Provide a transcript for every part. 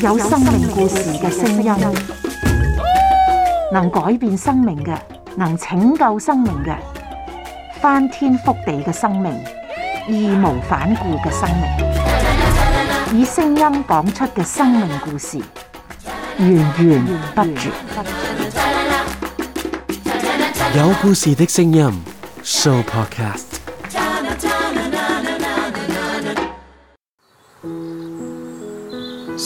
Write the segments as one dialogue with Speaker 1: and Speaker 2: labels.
Speaker 1: 有生命故事嘅聲音，能改變生命嘅，能拯救生命嘅，翻天覆地嘅生命，義無反顧嘅生命，以聲音講出嘅生命故事，
Speaker 2: 源源不絕。有故事嘅聲音，Show Podcast。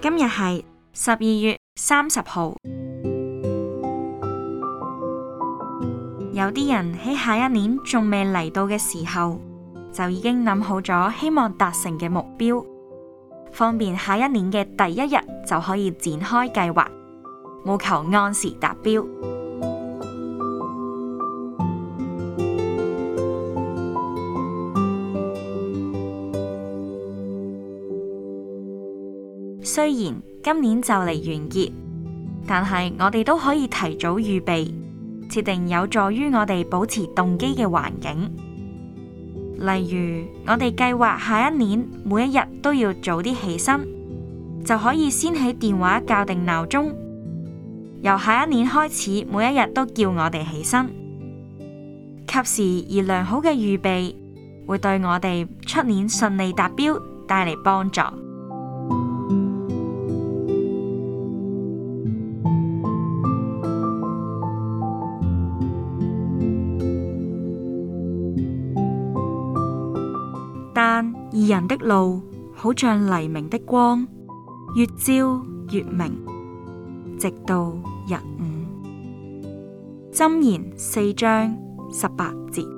Speaker 1: 今日係十二月三十號，有啲人喺下一年仲未嚟到嘅時候，就已經諗好咗希望達成嘅目標，方便下一年嘅第一日就可以展開計劃，務求按時達標。雖然今年就嚟完結，但係我哋都可以提早預備，設定有助於我哋保持動機嘅環境。例如，我哋計劃下一年每一日都要早啲起身，就可以先喺電話校定鬧鐘，由下一年開始每一日都叫我哋起身。及時而良好嘅預備，會對我哋出年順利達標帶嚟幫助。人的路，好像黎明的光，越照越明，直到日午。箴言四章十八節。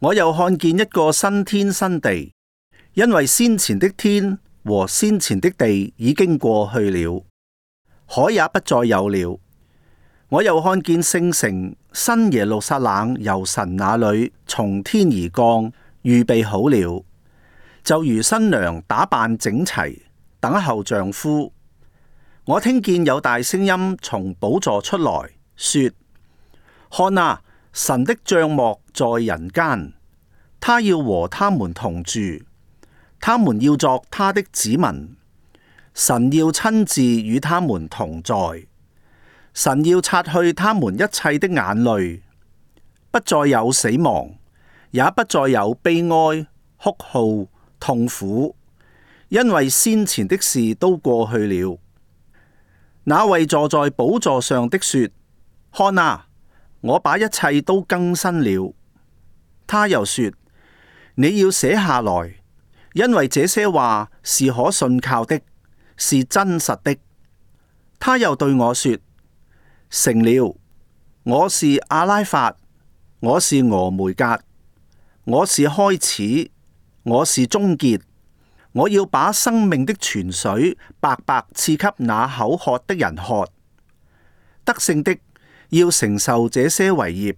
Speaker 3: 我又看見一個新天新地，因為先前的天和先前的地已經過去了，海也不再有了。我又看見聖城新耶路撒冷由神那裏從天而降，預備好了，就如新娘打扮整齊等候丈夫。我聽見有大聲音從寶座出來說：看啊！神的帳幕在人間，他要和他們同住，他們要作他的子民，神要親自與他們同在，神要擦去他們一切的眼淚，不再有死亡，也不再有悲哀、哭號、痛苦，因為先前的事都過去了。那位坐在寶座上的說：看啊！我把一切都更新了。他又說：你要寫下來，因為這些話是可信靠的，是真實的。他又對我說：成了。我是阿拉法，我是俄梅格，我是開始，我是終結。我要把生命的泉水白白賜給那口渴的人喝。得勝的。要承受這些為業，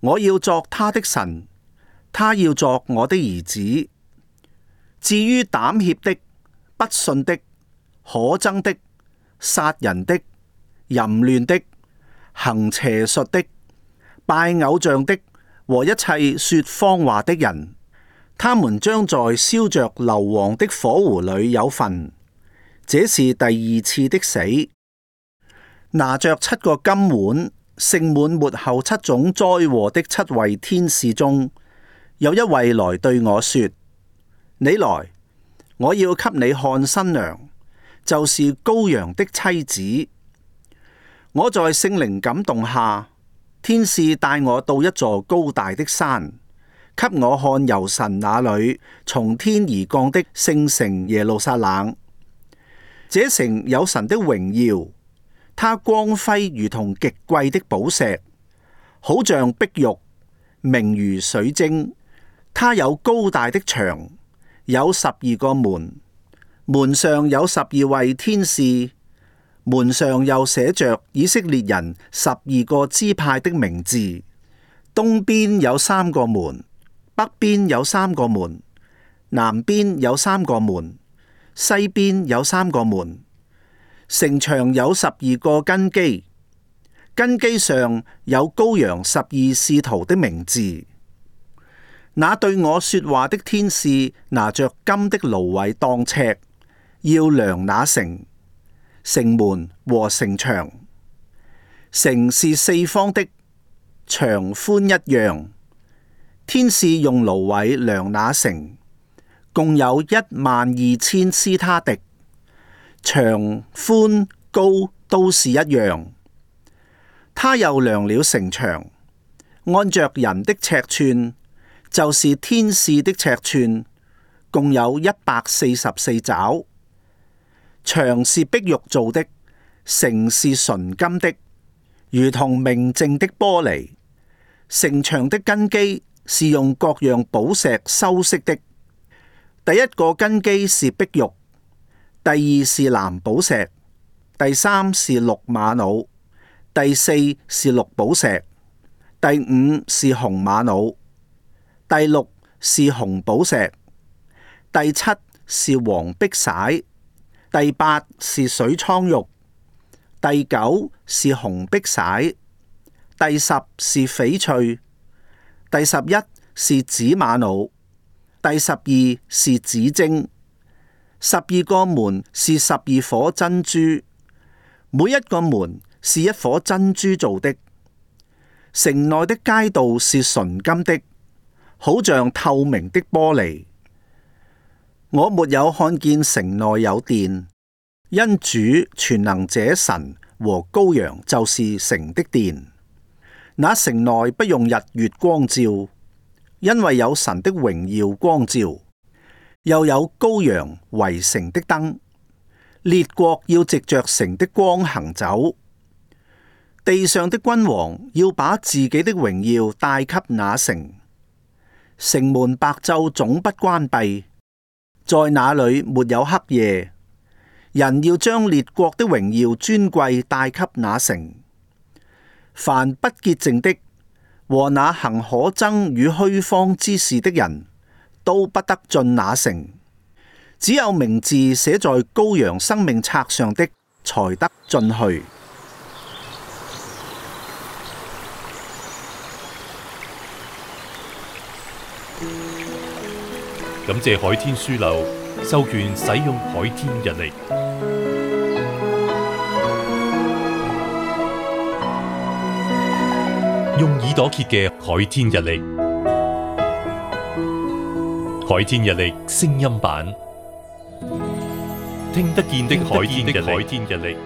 Speaker 3: 我要作他的神，他要作我的兒子。至於膽怯的、不信的、可憎的、殺人的、淫亂的、行邪術的、拜偶像的和一切說謊話的人，他們將在燒着硫磺的火湖裏有份。這是第二次的死。拿着七個金碗，盛滿末後七種災禍的七位天使中，有一位來對我說：你來，我要給你看新娘，就是羔羊的妻子。我在聖靈感動下，天使帶我到一座高大的山，給我看由神那裏從天而降的聖城耶路撒冷。這城有神的榮耀。它光輝如同極貴的寶石，好像碧玉，明如水晶。它有高大的牆，有十二個門，門上有十二位天使，門上又寫着以色列人十二個支派的名字。東邊有三個門，北邊有三個門，南邊有三個門，西邊有三個門。城牆有十二個根基，根基上有羔羊十二使徒的名字。那對我說話的天使拿着金的蘆葦當尺，要量那城、城門和城牆。城是四方的，長寬一樣。天使用蘆葦量那城，共有一萬二千斯他迪。長、寬、高都是一樣。他又量了城牆，按着人的尺寸，就是天使的尺寸，共有一百四十四肘。牆是碧玉做的，城是純金的，如同明淨的玻璃。城牆的根基是用各樣寶石修飾的。第一個根基是碧玉。第二是藍寶石，第三是綠瑪瑙，第四是綠寶石，第五是紅瑪瑙，第六是紅寶石，第七是黃碧璽，第八是水蒼玉，第九是紅碧璽，第十是翡翠，第十一是紫瑪瑙，第十二是紫晶。十二個門是十二顆珍珠，每一個門是一顆珍珠做的。城內的街道是純金的，好像透明的玻璃。我沒有看見城內有殿，因主全能者神和羔羊就是城的殿。那城內不用日月光照，因為有神的榮耀光照。又有羔羊為城的燈，列國要藉着城的光行走。地上的君王要把自己的榮耀帶給那城，城門白晝總不關閉，在那裏沒有黑夜。人要將列國的榮耀尊貴帶給那城。凡不潔淨的和那行可憎與虛謊之事的人，都不得進那城，只有名字寫在羔羊生命冊上的才得進去。
Speaker 2: 感謝海天書樓授權使用海天日曆，用耳朵揭嘅海天日曆。海天日曆聲音版，聽得見的海天日曆。